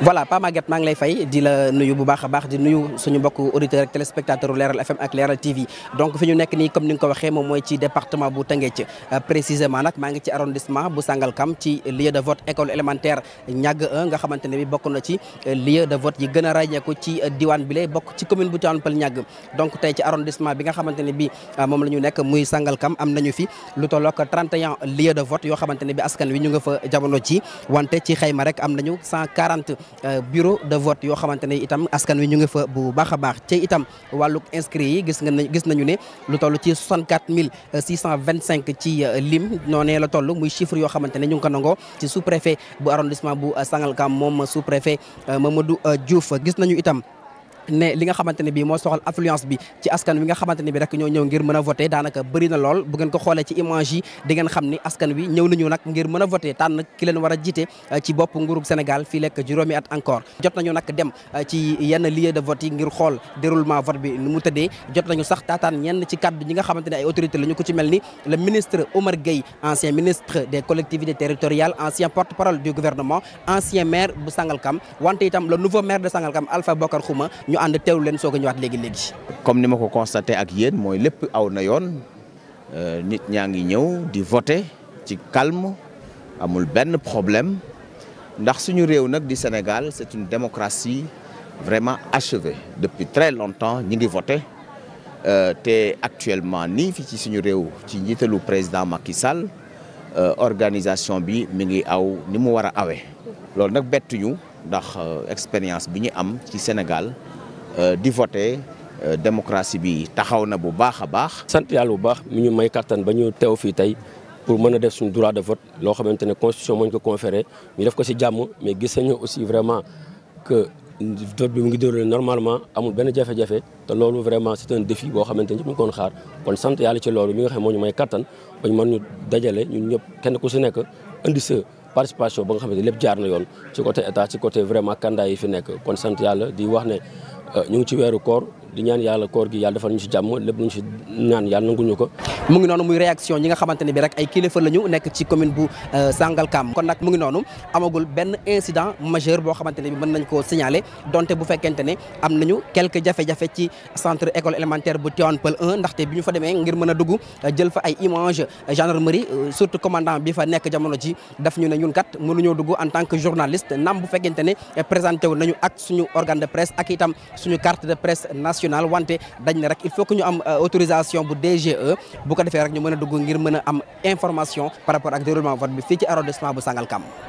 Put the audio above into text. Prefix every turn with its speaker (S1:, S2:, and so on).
S1: voilà Pa maget maa ngi lay fay di la nuyu bu baax a baax di nuyu suñu mbokk auditeurs ak téléspectateurs Leeral FM ak Leeral TV donc fi ñu nekk ni comme ni nga ko waxee moom mooy ci département bu Tëngéej euh, précisément nag maa ngi ci arrondissement bu Sangalkam ci lieu de vote école élémentaire Niaga nga xamante ne bi bokk na ci euh, lieu de vote yi gëna a ràññeeku ci euh, diwaan bi lay bokk ci commune bu Tivaouane Peulh Niaga donc tey ci arrondissement bi nga xamante ne bi moom la ñu nekk muy Sangalkam am nañu fi lu tolloog 31 lieu de vote yoo xamante ne bi askan wi ñu nga fa jamono ci wante ci xayma rek am nañu 140 Euh, bureau de vote yoo xamante ne itam askan wi ñu ngi fa bu baax a baax ci itam wàlluk inscrits yi gis nga gis nañu ne lu toll ci mille vingt 625 ci euh, lim noonee la toll muy chiffre yoo xamante ne ñu ngi ko nangoo ci sous préfet bu arrondissement bu Sangalkam moom sous préfet euh, Mamadou Diouf gis nañu itam ne li nga xamante ne bii moo soxal affluence bi ci askan wi nga xamante ne bii rek ñoo ñëw ngir mën a voté daanaka bëri na lool bu ngeen ko xoolee ci image yi di ngeen xam ni askan wi ñëw nañu nag ngir mën a voté tànn ki leen war a jiite euh, ci bopp nguurug Sénégal fii lekk juróomi at encore jot nañu nag dem euh, ci yenn lieu de vote yi ngir xool déroulement vote bi nu mu tëddee jot nañu sax taataan ñenn ci kaddu ñi nga xamante ne ay autorité la ñu ko ci mel ni le ministre Omar Gueye ancien ministre des collectivités territoriales ancien porte-parole du gouvernement ancien maire bu Sangalkam wante itam le nouveau maire de Sangalkam Alpha Bokar ñu ànd teewlu leen soog a ñëwaat léegi léegi. comme ni ma ko constaté ak yéen mooy lépp aw na yoon euh, nit ñaa ngi ñëw
S2: di voter ci kalm amul benn problème ndax suñu réew nag di Sénégal c'est une démocratie vraiment achevée depuis très longtemps ñi ngi voter euh, te actuellement nii fi ci suñu réew ci njiitalu président Macky Sall euh, organisation bi mi ngi aw ni mu war a awee loolu nag bettuñu ndax expérience bi ñu am ci Sénégal Euh, di voter euh,
S3: démocratie bi taxaw na bu baax a baax. sant yàlla bu baax mu ñu may kattan ba ñu teew fii tey pour mën a def suñu droit de vote loo xamante ne constitution moo ñu ko conféré ñu def ko si jàmm mais gis nañu aussi vraiment que vote bi mu ngi déroulé normalement amul benn jafe-jafe te loolu vraiment c'est un boo xamante ni ñu ngi koon xaar kon sant yàlla ci loolu mi nga xam moo ñu may kattan ba ñu mën ñu dajale ñun ñëpp kenn ku si nekk indi sa. participation ba nga xamante lépp jaar na yoon ci côté état ci côté vraiment candidat yi fi nekk kon sant yàlla di wax ne ñu ngi ci weeru koor di ñaan
S1: yàlla koor gi yàlla defal ñu ko mu ngi noonu muy réaction ñi nga xamante bi rek ay kilifa lañu nekk ci commune bu euh, Sangalkam kon nag mu ngi noonu amagul benn incident majeur boo xamante bi mën nañ koo signaler donte bu fekkente ne am nañu quelques jafe-jafe ci centre école élémentaire bu Tivaouane Peulh 1 ndaxte bi ñu fa ngir mën a euh, jël fa ay images euh, gendarmerie surtout commandant bi fa nekk jamono ji daf ñu ne ñun kat mënuñoo dugg en tant que journaliste national wante dañ ne rek il faut que ñu am euh, autorisation bu DGE bu ko defee rek ño mën a dugg ngir mën a am information par rapport ak déroulement vote bi fii ci arrondissement bu Sangalkam